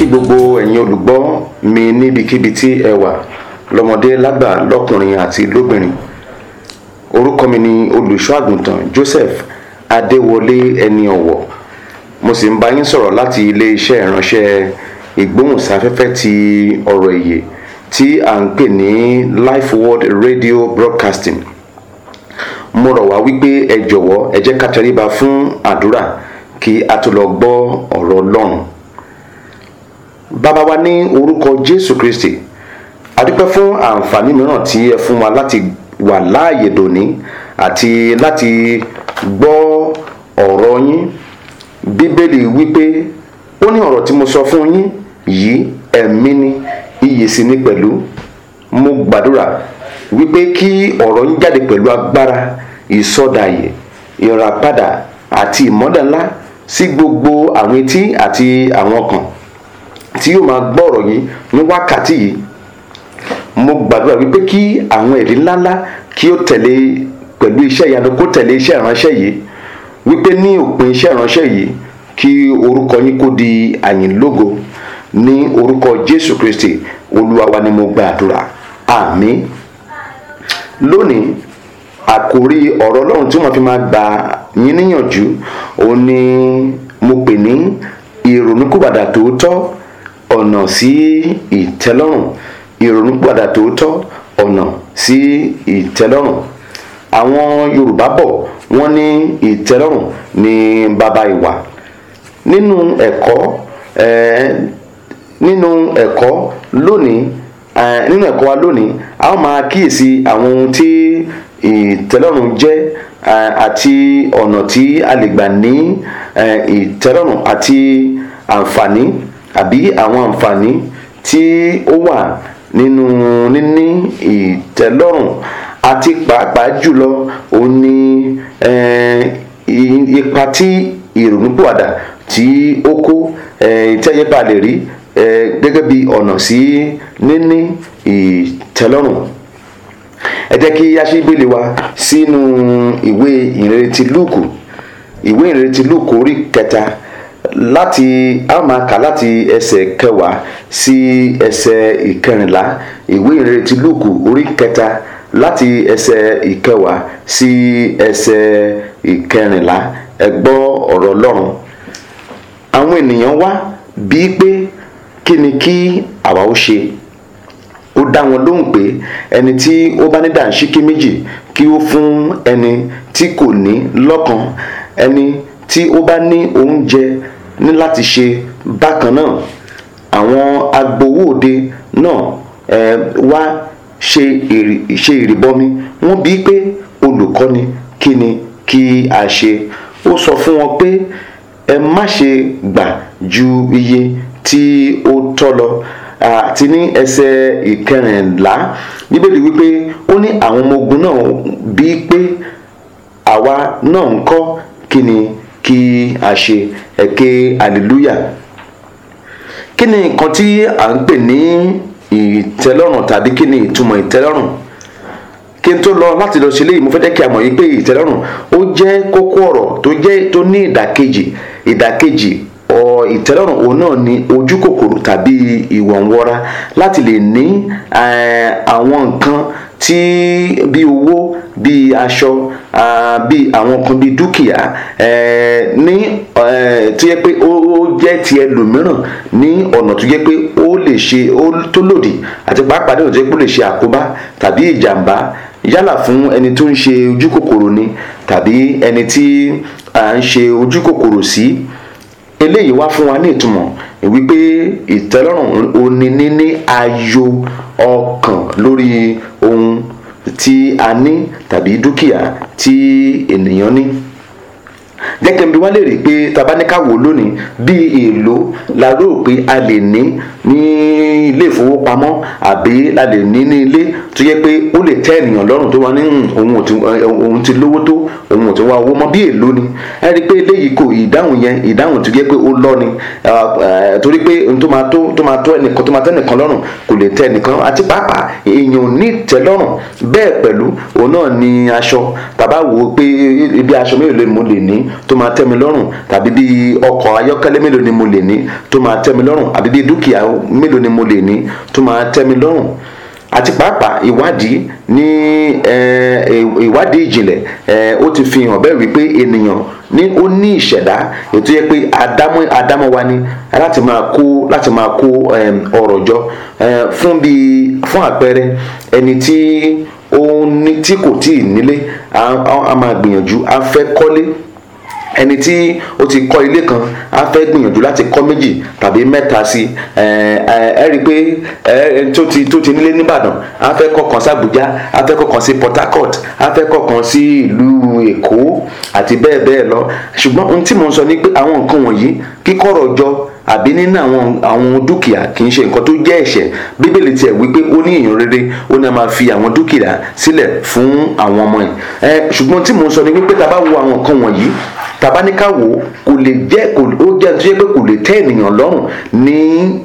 kí gbogbo ẹ̀yin olùgbọ́ mi níbikíbi tí ẹ wà lọ́mọdé lágbà lọ́kùnrin àti lóbìnrin orúkọ mi ni olùṣọ́ Joseph Adéwọlé ẹni ọ̀wọ̀ mo sì ń bá yín sọ̀rọ̀ láti ilé iṣẹ́ ìránṣẹ́ ìgbóhùnsáfẹ́fẹ́ ti ọ̀rọ̀ ìyè tí à ń pè ní Life World Radio Broadcasting mo rọ̀ wá wípé ẹ jọ̀wọ́ ẹ jẹ́ ká tẹríba fún àdúrà kí a tó lọ gbọ́ ọ̀rọ̀ Ọlọ́run bàbá wa ní orúkọ jésù kristi adúpẹ́ fún àǹfààní mìíràn tí ẹ fún wa láti wà láàyè dòní àti láti gbọ́ ọ̀rọ̀ yín bíbélì wípé ó ní ọ̀rọ̀ tí mo sọ fún yín yìí ẹ̀mí ni iyè sì ni pẹ̀lú mo gbàdúrà wípé kí ọ̀rọ̀ yín jáde pẹ̀lú agbára ìsọdàyè ìràpadà àti ìmọ́dànlá sí gbogbo àwọn etí àti àwọn ọkàn tí yóò máa gbọ́ ọ̀rọ̀ yìí ní wákàtí yìí mo gbàdúrà wípé kí àwọn ẹ̀rí ńláńlá kí ó tẹ̀lé pẹ̀lú iṣẹ́ ìyanu kó tẹ̀lé iṣẹ́ ìránṣẹ́ yìí wípé ní òpin iṣẹ́ ìránṣẹ́ yìí kí orúkọ yín kó di àyìnlógo ní orúkọ Jésù Kristi olúwa ni mo gbàdúrà àmín lónìí àkórí ọ̀rọ̀ ọlọ́run tí wọ́n fi máa gbà yín níyànjú òun ni mo pè ní ìrònúkúwàdà tòótọ́ ọ̀nà sí ìtẹ́lọ́rùn ìrònúpìwàdà tòótọ́ ọ̀nà sí ìtẹ́lọ́rùn àwọn Yorùbá bọ̀ wọ́n ní ìtẹ́lọ́rùn ní baba ìwà nínú ẹ̀kọ́ nínú ẹ̀kọ́ lónìí nínú ẹ̀kọ́ wa lónìí a ó máa kíyèsí àwọn ohun tí ìtẹ́lọ́rùn jẹ́ àti ọ̀nà tí a lè gbà ní ìtẹ́lọ́rùn àti àǹfààní àbí àwọn àǹfààní tí ó wà nínú níní ìtẹ́lọ́rùn àti pàápàá jùlọ òun ni eh, ipa tí ìrònúpìwàdà tí ó kó ìtẹ́yẹpá eh, lè rí eh, gẹ́gẹ́ bí ọ̀nà sí níní ìtẹ́lọ́rùn ẹ jẹ́ kí a ṣí gbélé wa sínú ìwé ìrere ti lúùkù ìwé ìrere ti lúùkù orí kẹta láti a máa kà láti ẹsẹ̀ kẹwàá sí ẹsẹ̀ ìkẹrìnlá ìwé ìrere ti lúùkù orí kẹta láti ẹsẹ̀ ìkẹwàá sí ẹsẹ̀ ìkẹrìnlá ẹ gbọ́ ọ̀rọ̀ ọlọ́run àwọn ènìyàn wá bíi pé kí ni kí àwa ó ṣe ó dá wọn lóhùn pé ẹni tí ó bá ní dànsíkí méjì kí ó fún ẹni tí kò ní lọ́kan ẹni tí ó bá ní oúnjẹ ní láti ṣe bákan náà àwọn agbowóde náà eh, wá ṣe ìrìbọmi wọ́n bíi pé olùkọ́ni kí ni kí a ṣe ó sọ fún wọn pé ẹ má ṣe gbà ju iye tí ó tọ́ lọ àti ní ẹsẹ̀ ìkẹrìnlá bíbélì wípé ó ní àwọn ọmọ ogun náà bíi pé àwa náà ń kọ́ kí ni kí a ṣe ẹ̀kẹ́ hallelujah kí ni nǹkan tí à ń pè ní ìtẹ́lọ́rùn tàbí kí ni ìtumọ̀ ìtẹ́lọ́rùn kí n tó lọ láti lọ sílé yìí mo fẹ́ jẹ́ kí a mọ̀ yìí pé ìtẹ́lọ́rùn ó jẹ́ kókó ọ̀rọ̀ tó jẹ́ tó ní ìdàkejì ìdàkejì ọ òun náà ni ojú kòkòrò tàbí ìwọ̀nwọra láti lè ní àwọn nǹkan tí bí owó bíi aṣọ bíi àwọn kan bíi dúkìá ní tó yẹ pé ó jẹ́ ti ẹlòmíràn ní ọ̀nà tó yẹ pé ó lè ṣe tó lòdì àti pàápàá ní ọ̀nà tó yẹ pé ó lè ṣe àkóbá tàbí ìjàmbá yálà fún ẹni tó ń ṣe ojú kòkòrò ni tàbí ẹni tí à ń ṣe ojú kòkòrò sí eléyìí wá fún wa ní ìtumọ̀ wípé ìtẹ́lọ́rùn oní níní ayọ̀ ọkàn lórí tí a ní tàbí dúkìá tí ènìyàn ní jẹ́ kí n bi wá lè rí i pé tabaníkàwò lónìí bí èèlò la rò pé a lè ní ní ilé ìfowópamọ́ àbí la lè ní ní ilé tó yẹ pé ó lè tẹ́ ènìyàn lọ́rùn tó wà ní hmm, òun ti lówó tó òun ti wá owó mọ́ bí èlò ni ẹ rí i pé eléyìí kò ìdáhùn yẹn ìdáhùn tó yẹ pé ó lọ ni torí pé tó máa tó tó máa tó ẹnìkan tó máa tẹ́ ẹnìkan lọ́rùn kò lè tẹ́ ẹnìkan àti pàápàá èèyàn ní ìtẹ́lọ́rùn bẹ́ẹ̀ pẹ̀lú òun náà ni aṣọ tàbá wò ó pé ibi aṣọ mélòó ni mo lè ní tó máa tẹ́ mi lọ́rùn tàbí bí ọkọ̀ ayọ́kẹ́lẹ́ mélòó ni mo lè ní tó máa tẹ́ mi lọ́rùn àbí bí dúkìá mélòó ni mo lè ní tó máa tẹ́ mi lọ́rùn àti pàápàá ìwádìí ní ìwádìí ìjìnlẹ̀ ó ti fi hàn bẹ́ẹ̀ wípé ènìyàn ní ó ní ìṣẹ̀dá ètò yẹ pé àdámọ́ àdámọ́ wa ni láti máa kó láti máa kó ọ̀rọ̀ jọ fún bí fún àpẹẹrẹ ẹni tí ó ní tí kò tíì nílé a máa gbìyànjú a fẹ́ kọ́lé ẹni tí ó ti kọ́ ilé kan á fẹ́ gbìyànjú láti kọ́ méjì tàbí mẹ́ta sí ẹ rí i pé ẹni tó ti tó ti nílé nìbàdàn á fẹ́ kọ́ kan sí àbújá á fẹ́ kọ́ kan sí port harcourt á fẹ́ kọ́ sí ìlú èkó àti bẹ́ẹ̀ bẹ́ẹ̀ lọ ṣùgbọ́n ohun tí mo ń sọ ni pé àwọn nǹkan wọ̀nyí kíkọ́rọ̀ jọ àbí nínú àwọn àwọn dúkìá kì í ṣe nǹkan tó jẹ́ ẹ̀ṣẹ̀ bíbélì tiẹ̀ wípé ó ní èèyàn rere ó ní a máa fi àwọn dúkìá sílẹ̀ fún àwọn ọmọ yìí ṣùgbọ́n tí mò ń sọ ni wípé tá a wo àwọn nǹkan wọ̀nyí tabaníkà wo kò lè jẹ́ kò ó jẹ́ tó yẹ pé kò lè tẹ́ ènìyàn lọ́rùn ní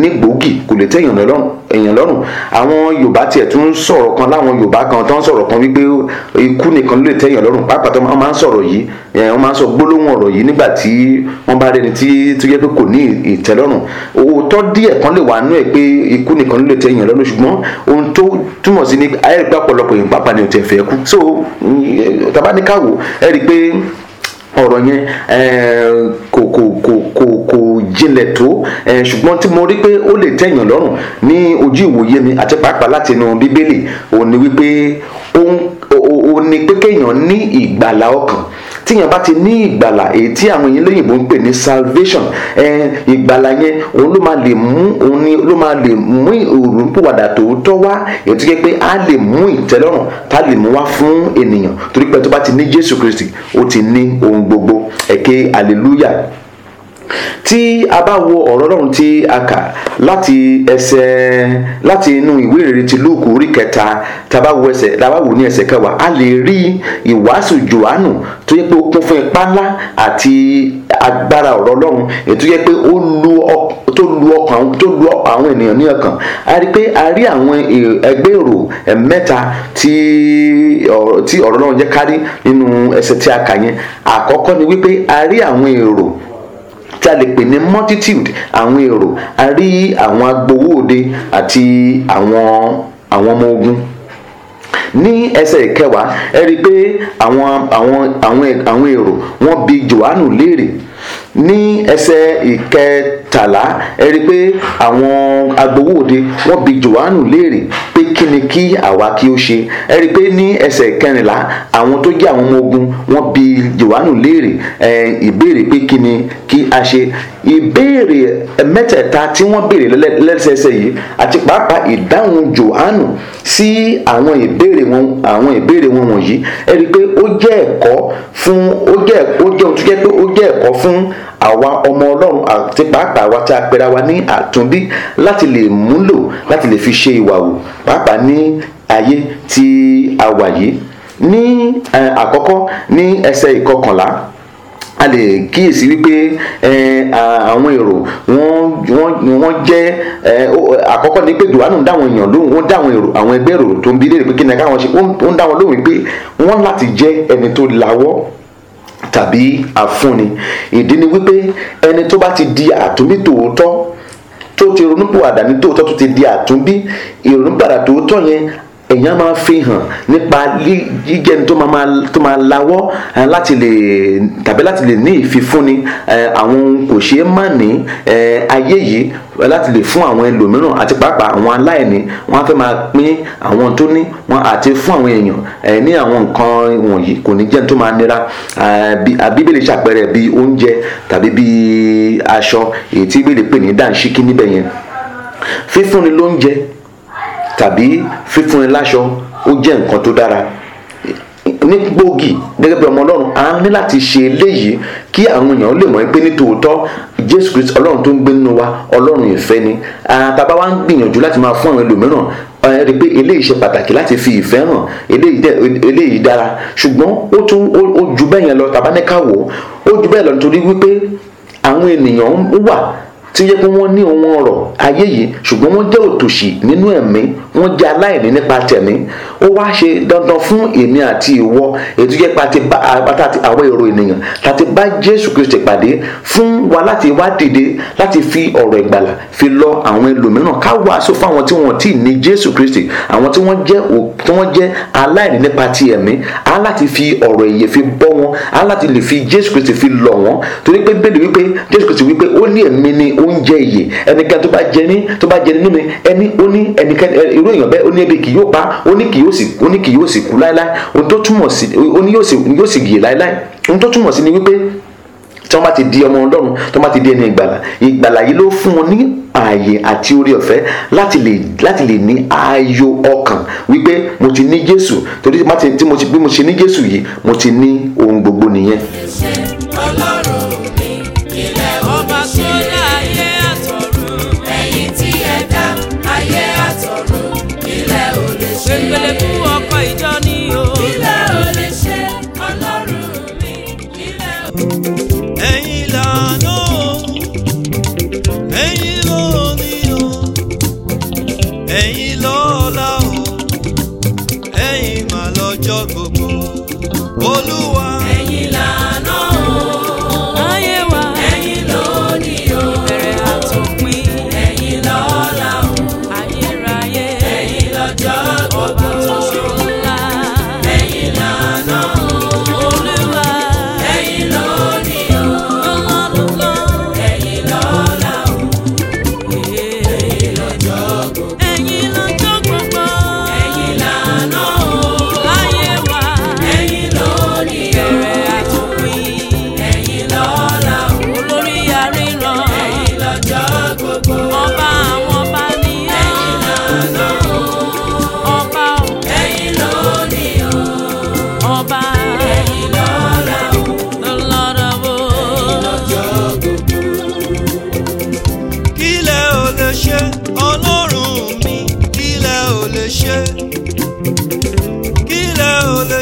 ní gbòógì kò lè tẹ́ ènìyàn lọ́rùn èèyàn lọ́rùn àwọn yorùbá tiẹ̀ tún ń sọ̀rọ̀ kan láwọn yorùbá kan tó ń sọ̀rọ̀ kan wípé ikú nìkan ló lè tẹ̀yàn lọ́rùn pàápàá tó máa ń sọ̀rọ̀ yìí wọ́n máa ń sọ gbólóhùn ọ̀rọ̀ yìí nígbà tí wọ́n bá rẹni tí tó yẹ pé kò ní ìtẹ́lọ́rùn òótọ́ díẹ̀ kan lè wà nú ẹ̀ pé ikú nìkan ló lè tẹ̀yàn lọ́rùn ṣùgbọ́n ohun tó túmọ̀ sí ni ayẹ́rìí pé ọ̀pọ̀lọpọ̀ èèyàn pàápàá ni ò tẹ̀ fẹ́ kú so tabaníkàwò ẹ̀ ọ̀rọ̀ yẹn eh, kò kò kò kò kò jinlẹ̀ tó eh, ṣùgbọ́n tí mo rí pé ó lè tẹ̀yàn lọ́rùn ní ojú ìwòye mi àti pàápàá láti inú bíbélì òun wípé òun ni pé kéèyàn ní ìgbàlà ọkàn tíyẹn bá ti ní ìgbàlà èyí tí àwọn èyí lóyìnbó ń pè ní salvation ìgbàlà yẹn òun ló máa lè mú òun ni ló máa lè mú ìrònúpìwàdà tòótọ́ wá èyí tó yẹ pé á lè mú ìtẹ́lọ́rùn tá lè mú wá fún ènìyàn torí pé tó bá ti ní Jésù Kristi ó ti ní ohun gbogbo ẹ̀kẹ́ hallelujah tí a bá wo ọ̀rọ̀ ọlọ́run tí a kà láti ẹsẹ̀ láti inú ìwé ìrere ti lúùkù orí kẹta tàbá wo ẹsẹ̀ tàbá wò ní ẹsẹ̀ kẹwàá a lè rí ìwàásù johannu tó yẹ pé ó kún fún ipá ńlá àti agbára ọ̀rọ̀ ọlọ́run ètò yẹ pé ó lu tó lu ọkàn tó lu àwọn ènìyàn ní ọkàn a rí pé a rí àwọn ẹgbẹ́ èrò mẹ́ta tí ọ̀rọ̀ ọlọ́run jẹ́ kárí nínú ẹsẹ̀ tí a kà yẹn àkọ́kọ́ ni wípé a rí àwọn èrò tí a lè pè ní multitude àwọn èrò a rí àwọn agbowó òde àti àwọn àwọn ọmọ ogun ní ẹsẹ̀ ìkẹwàá ẹ rí i pé àwọn àwọn àwọn àwọn èrò wọ́n bi Jòhánù léèrè ní ẹsẹ̀ ìkẹtàlá ẹ rí i pé àwọn agbowó òde bi Jòhánù léèrè kí ni kí àwa kí ó ṣe ẹ rí i pé ní ẹsẹ̀ kẹrìnlá àwọn tó jẹ́ àwọn ọmọ ogun wọ́n bi Jòhánù léèrè ìbéèrè pé kí ni kí a ṣe ìbéèrè mẹ́tẹ̀ẹ̀ta tí wọ́n béèrè lẹ́sẹẹsẹ yìí àti pàápàá ìdáhùn Jòhánù sí àwọn ìbéèrè wọn àwọn ìbéèrè wọn wọ̀nyí ẹ rí i pé ó jẹ́ ẹ̀kọ́ fún ó jẹ́ ó jẹ́ ohun tó jẹ́ pé ó jẹ́ ẹ̀kọ́ fún àwa ọmọ ọlọ́run àti pàápàá àwa tí a pera wa ní àtúnbí láti lè múlò láti lè fi ṣe ìwà wò pàápàá ní ayé tí a wà yìí ní àkọ́kọ́ ní ẹsẹ̀ ìkọkànlá a lè kíyèsí wípé àwọn èrò wọ́n jẹ́ àkọ́kọ́ ni pé duhanu ń dáwọn èèyàn lóhùn wọ́n dáwọn èrò àwọn ẹgbẹ́ èrò tó ń bi léèrè pé kí ni káwọn ṣe ó ń dáwọn lóhùn pé wọ́n láti jẹ́ ẹni tó lawọ́ tàbí afúnni ìdí ni wípé ẹni tó bá ti di àtúnbí tòótọ́ tó ti ronúpìwàdà ní tòótọ́ tó ti di àtúnbí ìrònúpìwàdà tòótọ́ yẹn èèyàn máa fi hàn nípa jíjẹni tó máa tó máa lawọ́ eh, láti lè tàbí láti lè ní ìfifúnni eh, àwọn kò ṣeé má ní eh, ayé yìí láti lè fún àwọn ẹlòmíràn àti pàápàá àwọn aláìní wọn á fẹ́ máa pín àwọn tó ní wọn àti fún àwọn èèyàn ní àwọn nǹkan wọ̀nyí kò ní jẹ́ tó máa nira bíbélì ṣàpẹẹrẹ bíi oúnjẹ tàbí bíi aṣọ èyí tí bíbélì pè ní dànṣíkí níbẹ̀ yẹn fífúnni lóúnjẹ tàbí fífún ni láṣọ ó jẹ́ nǹkan tó dára ní gbòógì gẹ́gẹ́ bí ọmọ ọlọ́run a ní láti ṣe eléyìí kí àwọn èèyàn lè mọ̀ pé ní tòótọ́ jésù kristu ọlọ́run tó ń gbé nínú wa ọlọ́run ìfẹ́ ni àtàbá wa ń gbìyànjú láti máa fún àwọn ẹlòmíràn ẹ rí i pé eléyìí ṣe pàtàkì láti fi ìfẹ́ hàn eléyìí dára ṣùgbọ́n ó tún ó ju bẹ́ẹ̀ yẹn lọ tàbá ní ká ó ju bẹ́ẹ̀ lọ nítorí wípé àwọn ènìyàn wà tí ó yẹ pé wọ́n ní ohun ọ̀rọ̀ ayé yìí ṣùgbọ́n wọ́n jẹ́ òtòṣì nínú ẹ̀mí wọ́n jẹ́ aláìní nípa tẹ̀mí ó wá ṣe dandan fún èmi àti ìwọ ètò jẹ́ pàtàkì àwọn èrò ènìyàn láti bá jésù kristi pàdé fún wa láti wá dìde láti fi ọ̀rọ̀ ìgbàlà fi lọ àwọn ẹlòmíràn ká wàásù fáwọn tí wọ́n ti ní jésù kristi àwọn tí wọ́n jẹ́ tí wọ́n jẹ́ aláìní nípa ti ẹ̀mí á láti fi ọ̀rọ̀ ìyè fi bọ́ wọn á láti lè fi jésù kristi fi lọ̀ wọ́n torí pé bẹ́ẹ̀ wípé jésù kristi wípé ó ní èmi ni oúnjẹ ìyè ẹnikẹ́ni tó bá jẹ ní tó bá jẹ nínú mi ẹni ó ní ẹnikẹ́ni irú èèyàn bẹ́ẹ̀ ó ní ebi kì yóò pa ó ní kì yóò sì ó ní kì yóò sì kú láéláé ohun tó túmọ̀ sí ó ní yóò sì yóò sì yè láéláé ohun tó túmọ̀ sí ni wípé tí wọ́n bá ti di ọmọ ọlọ́run tí wọ́n bá ti di ẹni ìgbàlà ìgbàlà yìí ló fún wọn ní ààyè àti orí ọ̀fẹ́ láti lè láti lè ní ayọ̀ ọkàn wípé mo ti ní Jésù torí tí mo ti bí mo ṣe ní Jésù yìí mo ti ní ohun gbogbo nìyẹn.